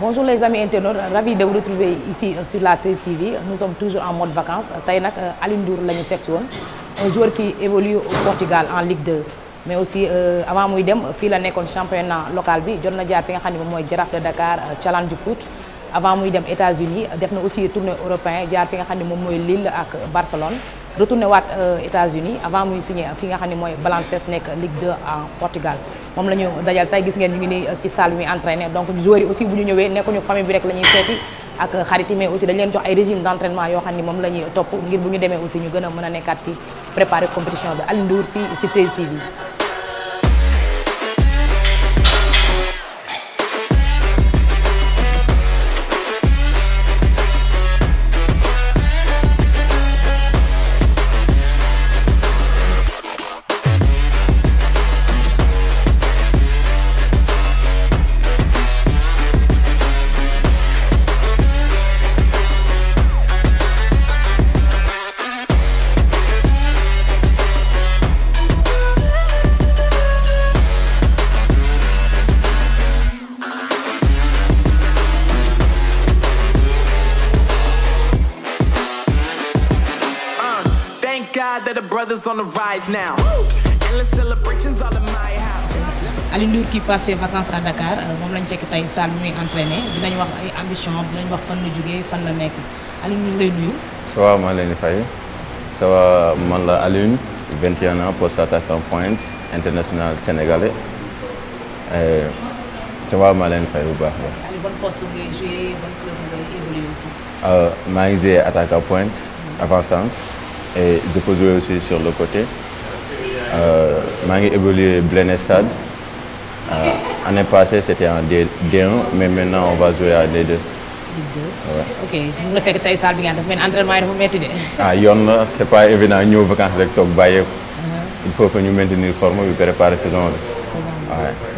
Bonjour les amis internautes, ravi de vous retrouver ici euh, sur la télé TV. Nous sommes toujours en mode vacances. Nous nag euh, Alioune un joueur qui évolue au Portugal en Ligue 2 mais aussi euh, avant moi dem fii la championnat local bi jaar de Dakar Challenge du foot avant muy dem États-Unis def na aussi tourné européen jaar fi nga Lille ak Barcelone retourné euh, États-Unis avant muy signé fi nga xamné moy Balances Ligue 2 en Portugal mom lañu dajal gis ngeen ñu euh, donc aussi famille bi rek ak xarit aussi dañ leen jox régime d'entraînement yo nous mom la aussi compétition bi tv brothers on the rise now. qui passe ses vacances à Dakar euh, mom lañ fekk tay salle muy entraîné dinañ wax ay ambition dinañ wax la la nekk ñu nuyu. ça va 21 ans poste attaquant pointe international sénégalais ça va fay poste club aussi. Euh, ngi attaquant pointe mm. avant et je peux jouer aussi sur le côté. Euh, j'ai évolué Blenessad. Euh, L'année passée, c'était en D, 1 mais maintenant, on va jouer à D2. D2 Ok, vous ne fait que tu as mais l'entraînement mettre de Ah, ce n'est pas évident, nous vacances avec Top uh-huh. Il faut que nous maintenions une forme et préparer la saison. Saison. Ouais.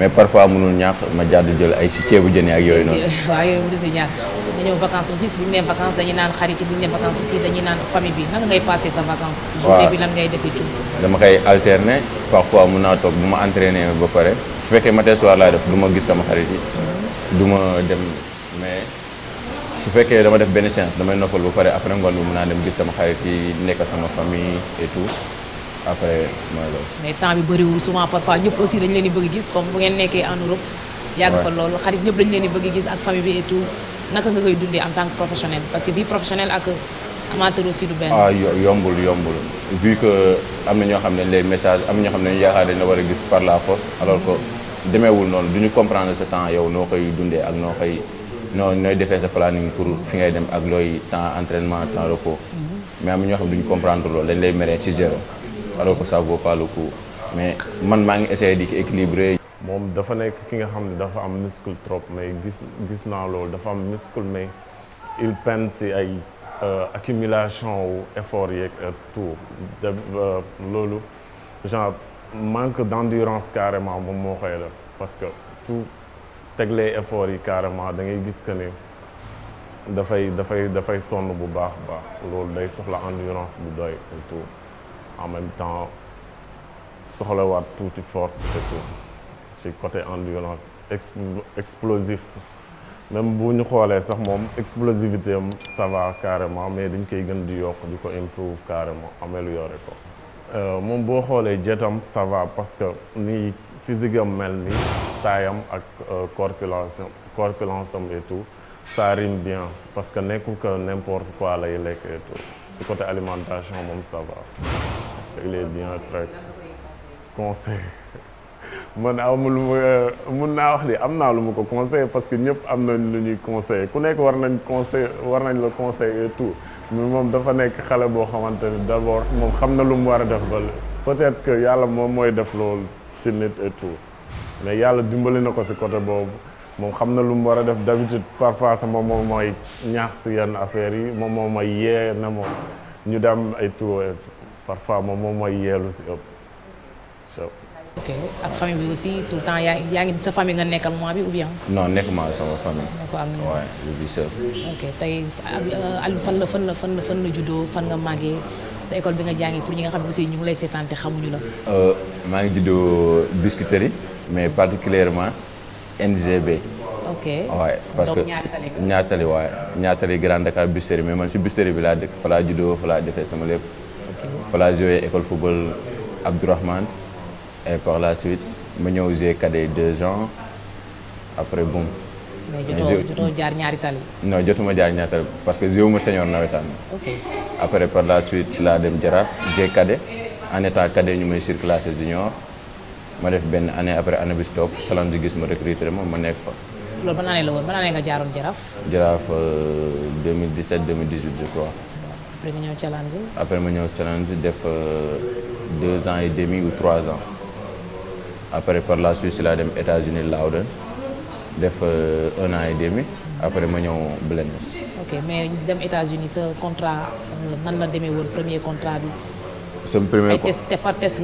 mais parfois mënul ñàkk ma jàdd jël ay si ceebu jën ak yooyu noonu. waaw yooyu mënul si ñàkk nga ñëw vacances aussi bu ñu nee vacances dañuy naan xarit bu ñu nee vacances aussi dañuy naan bi naka ngay passé sa vacances. journée bi lan ngay defee dama koy alterner parfois mun naa toog bu ma entraîné ba pare su fekkee matin soir laa def du ma gis sama xarit yi. Mhm. du ma dem mais su fekkee dama def benn séance damay noppal ba pare après ngoon bi mun naa dem gis sama xarit yi nekk sama famille et tout. après mooy loolu. mais temps bi bëriwul souvent parfois ñëpp aussi dañ leen di bëgg gis comme bu ngeen nekkee en Europe. yàgg fa loolu xarit ñëpp dañ leen di bëgg gis ak famille bi et tout naka nga koy dundee en tant que que ak ah, yombul yombul vu que am na ñoo xam ne les message am na ñoo xam ne yaakaar dañ la war a gis par la force alors que demeewul noonu du ñu comprendre ce temps yow noo koy dundee ak noo koy noo nooy defee sa planning pour fi ngay dem ak looy temps entraînement temps repos mhm. mais am na ñoo xam du ñu comprendre loolu dañ lay meree ci zéro. alors que ça vaut mais man maa ngi essayé di ko équilibrer. moom dafa nekk ki nga xam ne dafa am muscle trop mais gis gis naa loolu dafa am muscle mais il peine si ay euh, accumulation wu effort yeeg euh, tout euh, loolu genre manque d'endurance carrément moom moo koy def parce que su teglee effort yi carrément da ngay gis que ne dafay dafay dafay sonn bu baax baax loolu day soxla endurance bu doy et en même temps soxlawaat tuuti force tout. C'est côté endurance explosif même si ñu xoolee sax moom explosivité ça va carrément mais dañ koy gën di yokk du ko improve carrément améliorer ko euh, moom boo xoolee jetam ça va parce que ni physique am mel ni taayam ak euh, corpulence corpulence am et tout ça rime bien parce que que n'importe quoi lay lekk et tout c'est côté alimentation moom ça va il est bien très conseil man amul lu ma mun naa wax de am naa lu ma ko conseil parce que ñëpp am nañ lu ñuy conseil ku nekk war nañ conseil war nañ la conseil et tout mais moom dafa nekk xale boo xamante ni d'abord moom xam na lu mu war a def ba peut-être que yàlla moom mooy def loolu si nit et tout mais yàlla dimbali na ko si côté boobu moom xam na lu mu war a def d'habitude parfois sa moom moom mooy ñaax si yenn affaire yi moom moom mooy yee na moom ñu dem ay tout et tout parfois moom moom mooy yeelu si ëpp so ok ak famille bi aussi temps yaa yaa ngi sa famille nga nekkal mois bi ou bien. non nekk maa sama tey euh, Aliou la fan la fan la fan la juddoo fan nga màggee sa école bi nga jàngee pour ñi nga xam ne aussi ñu ngi lay seetaan te xamuñu la. Euh, maa ngi juddoo Biscuiterie mais particulièrement NGB. ok waay parce que ñaatali waay ñaatali Grand Dakar Biscuiterie mais man si Biscuiterie bi laa laa juddoo laa defee sama lépp. voilà joué école football Abdourahmane et par la suite ma ñëw joué cadet deux ans après boum. mais jotoo jotoo jaar ñaari tali. non jotuma jaar ñaari parce que joué wu ma senior nawetaan. ok après par la suite laa dem Jaraaf joué cadet en état cadet ñu may classe junior ma def ben année après année bi stop Salam du gis ma recrutement ma ma fa. loolu ban année la woon ban année nga jaaroon jaraf jaraf 2017 2018 je crois après nga challenge. après deux ans et demi ou trois ans après par la suite États-Unis Loudon un an et demi après ma ok mais États-Unis contrat la le premier contrat C'est le premier contrat test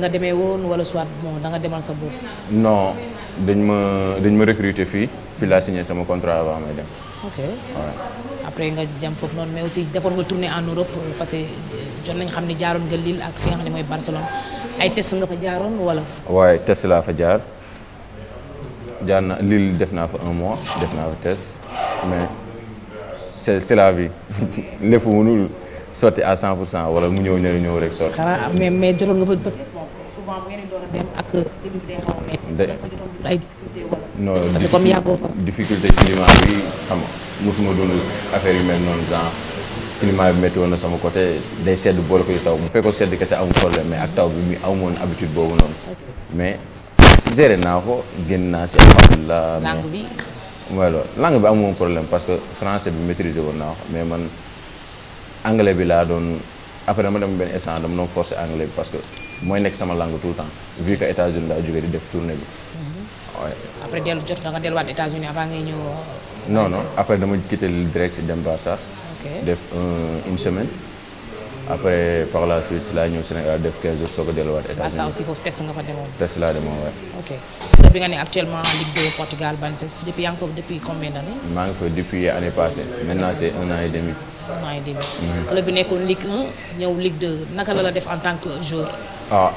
soit bon non recruter signé contrat avant ok après nga jëm foofu noonu mais aussi defon nga tourner en Europe euh, parce que euh, jot nañ xam ne nga Lille ak fi nga xam moy Barcelone ay test nga fa jaaroon wala. waaye test la fa jaar jaar na Lille def naa fa 1 mois def naa fa test mais c'est c'est la vie lépp mënul sotti à 100 wala mu ñëw ñëw ñëw rek sotti. xanaa mais mais jotoon nga fa parce que souvent bu ngeen door a dem ak euh, début bi day xaw a métti. ay difficulté wala. non parce que comme yàggoo fa. difficulté climat bi xam nga. mosuma dund affaire yu mel noonu genre climat bi métti woon na sama côté day sedd boole ko yu taw bu fekkoon sedd kese amul problème mais ak taw bi mu amoon habitude boobu noonu. mais géré naa ko génn naa si alhamdulilah. langue bi. mooy loolu langue bi amoon problème parce que français bi maîtriser woon naa ko mais man anglais bi laa doon après dama dem benn instant dama doon forcer anglais bi parce que mooy nekk sama langue tout le temps vu que États-Unis laa jógee di def tournée bi. Mhm. après dellu jot na nga delluwaat États-Unis avant ngay ñëw. non non après dama quitté le direct dem Barça def euh, une semaine après par la suite laa ñëw Sénégal def 15 jours soog a delluwaat état Barça aussi foofu test nga fa demoon test laa demoon waay ok club bi nga ne actuellement Ligue 2 Portugal Belenenses depuis yang ngi foofu depuis combien d'années maa ngi fa depuis année passée maintenant c'est un an et demi un an et demi mhm. club bi nekkoon Ligue 1 ñëw Ligue 2 naka la la def en tant que joueur ah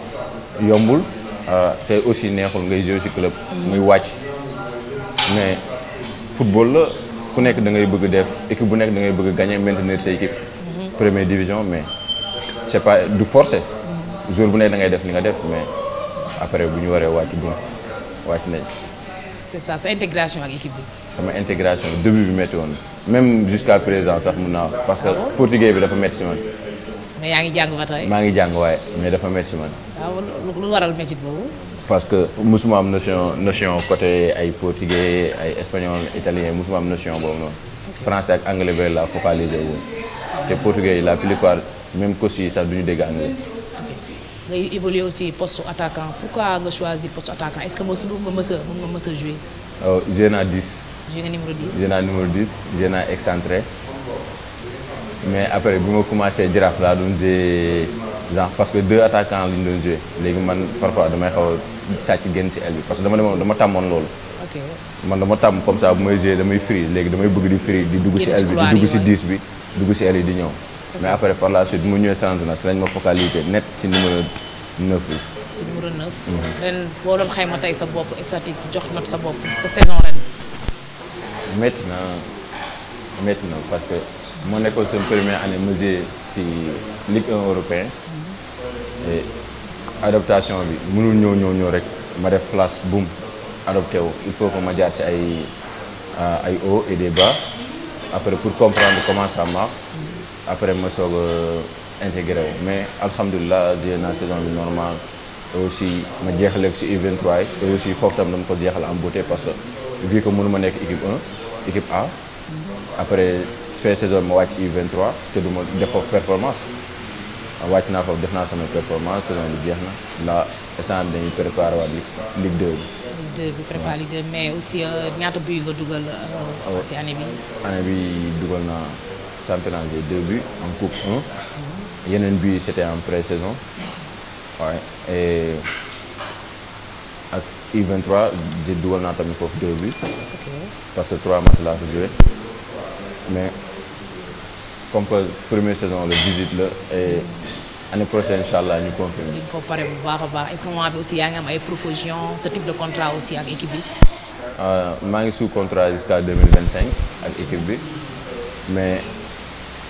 yombul ah, te aussi neexul ngay jouer ci club mhm. muy wàcc mais football la ku nekk da ngay bëgg def équipe bu nekk dangay bëgg gagner maintenir sa équipe. première division mais c'est pas du forcer. jour bu nekk da ngay def li nga def mais après bu ñu waree wàcc buñ wàcc nañ. c'est ça sa intégration ak équipe bi. sama intégration début bi métti woon même jusqu'à présent sax mun naa parce que ah portugais bi dafa métti si man. mais yaa ngi jàng ba tey. maa ngi jàng waaye mais dafa métti si lu waral parce que musuma am notion notion côté portugais ay espagnol italien musuma am notion boobu noonu. français et anglais ba focaliser Et portugais la plupart même coach ça sax du ñu dégg anglais. ok ngay aussi poste attaquant pourquoi nga choisir poste attaquant est ce que mos nga a joué 10. joué le numéro 10. joué le numéro 10 j'ai excentré mais après quand j'ai commencé à laa j'ai genre parce que deux attaquants lañ doon joué léegi man parfois damay xaw a sàcc génn si aile parce que dama demoon dama tàmmoon loolu. man dama tam comme ça bu may joué damay free légui damay bëgg di free di dugg ci aile di dugg ci 10 bi dugg ci aile di ñëw. mais après par la suite bu ma sans na si lañ ma focaliser net ci numéro 9 bi. si numéro 9. Mhm. ren boo doon xayma tay sa bop statique jox not sa bop sa saison ren. maintenant maintenant parce que moo c'est une première année ma si Ligue 1 européen et adaptation bi mënul ñoo ñoo ñoo rek ma def flash boom adopté wu il faut que ma jassi ay euh, ay hauts et des bas après pour comprendre comment ça marche après me sog intégré wu mais alhamdulilah jiyee na saison normale. normal te aussi ma jeexaleeg si u et Et aussi foofu tam dama ko jeexal am beauté parce que vu que mënuma nekk équipe 1 équipe A après fin saison ma wàcc U23 te du ma performance wàcc naa foofu def naa sama performance saison bi jeex na la instant dañuy préparé waa Ligue 2 Ligue 2 préparé Ligue 2 mais aussi euh, ñaata buy nga dugal euh, oh. si année bi année bi dugal naa championnat des deux buts en coupe 1 mm-hmm. yeneen buts c'était en pré-saison waaye U23 di dugal naa tamit pour deux buts parce que trois matchs là ko joué mais comme que première saison la visite la et année prochaine Inch'Allah, nous ñu confirmer. faut parler beaucoup. bu est ce que vous avez aussi une proposition, propositions ce type de contrat aussi avec équipe bi. euh, sous contrat jusqu'à 2025 avec vingt équipe bi mais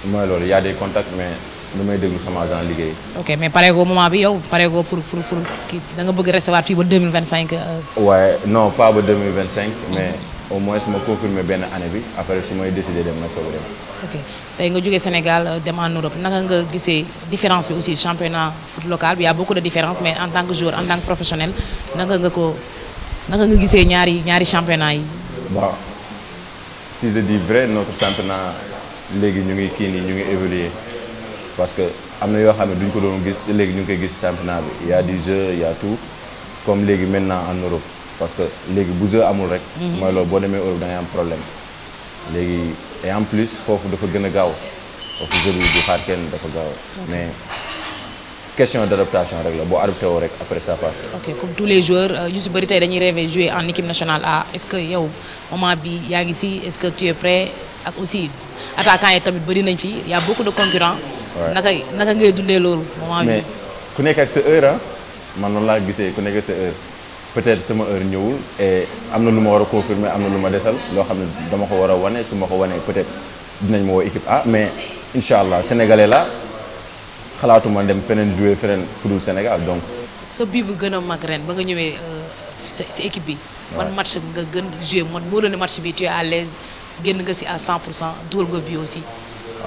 il y a des contacts mais. Je déglu sama agent ok mais pareegoo moment bi yow pareegoo pour pour pour da nga bëgg recevoir fii 2025. deux euh. ouais non pas ba 2025, mais. au moins su ma confirmé benn année après su may décidé de me me sauver ok tey nga jógee Sénégal euh, demain en Europe naka nga la différence bi aussi championnat foot local Il y' a beaucoup de différences, mais en tant que joueur en tant que professionnel naka nga vu naka nga championnats. ñaari championnat yi. si je dis vrai notre championnat les ñu ngi kii parce que am na yoo xam ne duñ ko doon gis léegi ñu koy championnat il y a du jeu il y a tout comme léegi maintenant en Europe parce que léegi bu jeu amul rek. Mhm. mooy loolu boo demee Europe da ngay am problème léegi et en plus foofu dafa gën faut gaaw foofu jeu bi du xaar kenn dafa gaaw mais question d'adaptation rek la boo adapté woo rek après ça passe. ok comme tous les joueurs euh, ñu si bëri tey dañuy rêver jouer en équipe nationale A est-ce que yow moment bi y a si est-ce que tu es prêt ak aussi attaquant yi tamit bari nañ fi y a beaucoup de concurrents. naka naka ngay dundee loolu. moment mais ku nekk ak sa heure ah, man noonu laa gisee ku nekk ak sa heure peut-être sama heure ñëwul e am na lu ma war a confirmer am na lu ma desal loo xam ne dama ko war a wane su ma ko wanee peut-être dinañ ma woo équipe A ah, mais incha allah sénégalais la xalaatuma dem feneen jouer feneen kudul Sénégal donc. sa bii bu gën a mag ren ba nga ñëwee euh, sa si équipe bi. man match nga gën jouer man moo doon match bi tu es à l'aise génn nga si à 100 cent dugal nga bi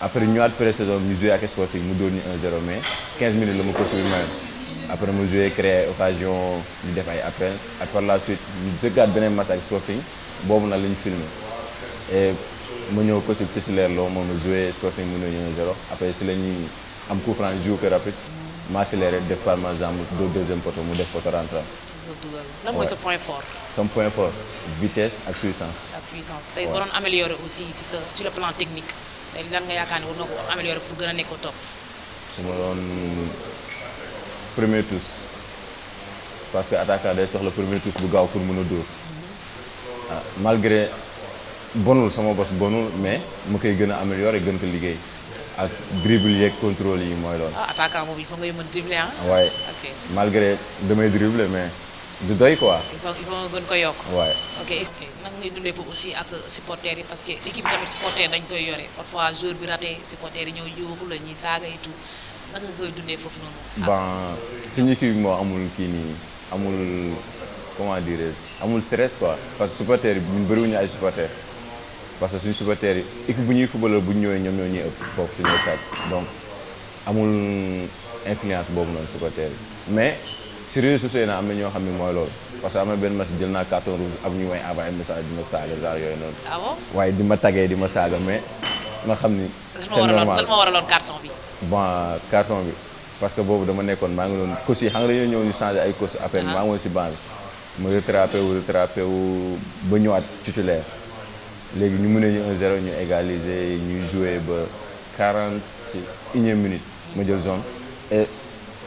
après une avons saison bi ñu joué ak Sporting 0 mais 15 minutes fait après nous avons créé occasion de def Après, après la suite avons jëggaat un match le Sporting boobu filmé et nous avons ko si titulaire Sporting 0 après si avons un am coup rapide Je accéléré def par deuxième poteau mu def point fort. son point fort vitesse et puissance. puissance améliorer aussi sur le plan technique tey lan nga yaakaar ne war na ko améliorer pour gën a nekk ko topp. su ma doon premier touche parce que attaquant day soxla premier touche bu gaaw pour mën a dóor mhm. ah, malgré bonul sama bos bonul mais mu koy gën a améliorer gën ko liggéey ak dribble yeeg contrôle yi mooy loolu. ah attaquant boobu il faut ngay mën dribbler ah. waaye malgré damay dribble mais. du doy ah ibang ibang il faut gën ko yok ouais ok eh, nak ngay dundé fofu aussi ak supporter yi parce que équipe tamit supporter dañ koy yoré parfois jour bi raté supporter yi ñeu yoxu la saga et tout nak nga koy dundé fofu nonu ben suñu mo amul kini amul comment dire amul stress quoi parce que supporter ñun bëri wuñu ay supporter parce que suñu supporter équipe bu ñuy footballeur bu ñëwé ñom ñoo ñi ëpp fofu suñu stade donc amul influence bobu non supporter mais si réseaux sociaux yi nag am na ñoo xam ne mooy loolu parce que am na benn match jël naa carton rouge am ñu may envoyé message di ma saaga genre yooyu noonu. waaye ah di ma taggee di ma saaga mais ma xam ni. c'est normal lan moo waraloon carton bi. bon carton bi parce que boobu dama nekkoon maa ngi doon coach yi xam nga dañoo ñëw ñu changé ay coach après ah. maa ngi woon si banc bi ma retrapé wu wu ba ñëwaat titulaire léegi ñu mën a ñu 1-0 ñu égaliser ñuy joué ba quarante et une ma jël zone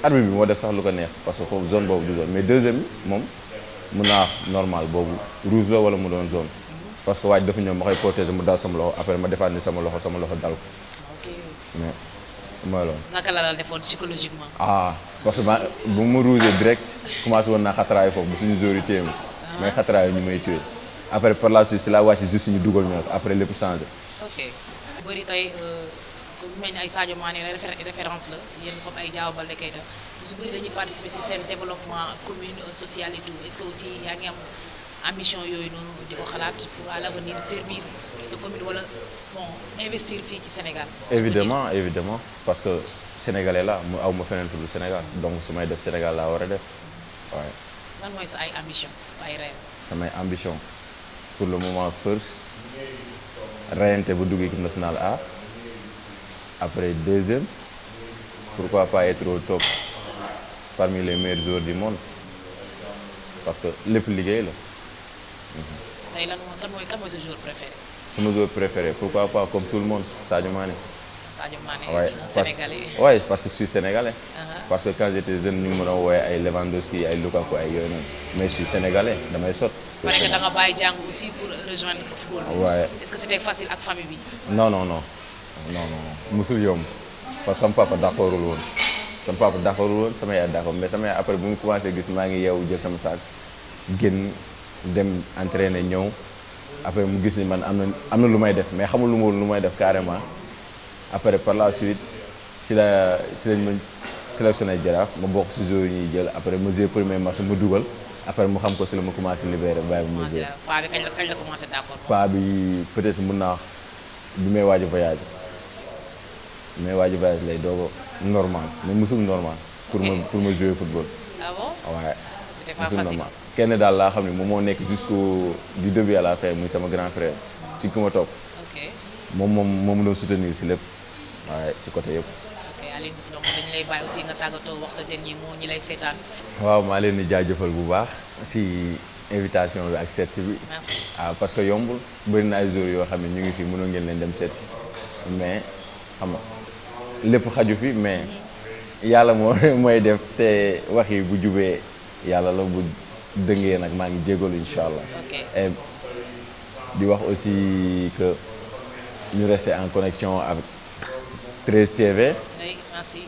arbitre bi moo def sax lu ko neex parce que foofu zone boobu du zone mais deuxième moom mun naa normal boobu rouge la wala mu doon zone parce que waaj dafa ñëw ma koy protéger mu dal sama loxo après ma defaat ni sama loxo sama loxo dal ko mais mooy loolu. naka la la defoon psychologiquement. ah parce que bu ma rougé direct commencé woon naa xatraay foofu bu suñu joueur yi téye ah. mais xatraay ñu may téye après par la suite si la wàcc juste ñu dugal ñu après lépp changé. ok bëri tey. Euh, ku mel ni ay Sadio Mané référence la yéen comme ay Diao Baldé Keita ñu si bëri dañuy participer si seen développement commun, social et tout est-ce que aussi yaa ngi am ambition yooyu noonu di ko pour à l'avenir servir ce commune wala bon investir fii ci Sénégal. évidemment évidemment parce que sénégalais là, mu aw ma feneen fu dul Sénégal donc su may def Sénégal laa war a def waaye. lan mooy sa ay ambition sa ay rêve. samay ambition pour le moment first reyante bu dugg équipe nationale A après deuxième. Pourquoi pas être au top parmi les meilleurs joueurs du monde parce que le plus la. là. C'est mon joueur préféré. préféré pourquoi pas comme tout le monde Sadio Mane. Sadio Mane, c'est un Sénégalais. oui parce que je suis Sénégalais. Uh-huh. parce que quand j'étais jeune numéro, ngi mën a il ay Lewandowski ay Lukaku ay yooyu mais je suis Sénégalais ma sorte. parce que tu nga un aussi pour rejoindre le football. ouais. est-ce que c'était facile avec la famille non non non. non non musul yomb parce que sama papa d'accordul woon sama papa d'accordul woon sama yaay d'accord mais sama yaay après bu mu commencé gis maa ngi yeewu jël sama saak génn dem entraîner ñëw après mu gis ni man am na am na lu may def mais xamul lu ma lu may def carrément après par la suite si la si lañ ma sélectionné jaraaf ma bokk si joueurs yi ñuy jël après ma joué premier match ma dugal après mu xam ko si la ma commencé libéré bàyyi ma joué. paa bi kañ la kañ peut-être mun naa bi may waaj a voyage. mais je suis normal je suis normal pour me pour au football. ah bon Ouais. c'était pas facile normal jusqu'au du début à la fin Mon sama grand frère Je suis top ok mom mom mom soutenir côté ok Allez, donc lay aussi nga wax sa dernier mo ñi lay waaw bu si. invitation ak ah, parce que mais lepp xaju fi mais yàlla moo mooy def te wax yi bu jubee yàlla la bu dëngee nag maa ngi jégalu incha allah. et di wax aussi que ñu rester en connexion avec 13 TV. Oui, merci.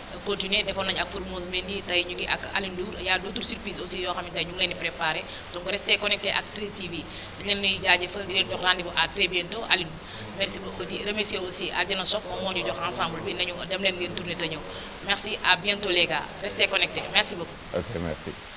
continuer defoon nañu ak Formose Mendy tey ñu ngi ak Alioune Ndour y a d'autres surprises aussi yoo xam ne tey ñu ngi leen préparer donc restez connectés ak 3TV dañ leen nuy jaajëfal di leen jox rendez-vous à très bientôt Alioune merci beaucoup di remercier aussi Aljana Shop moom moo ñu jox ensemble bi nañu dem leen ngeen tourner te merci à bientôt les gars restez connectés merci beaucoup ok merci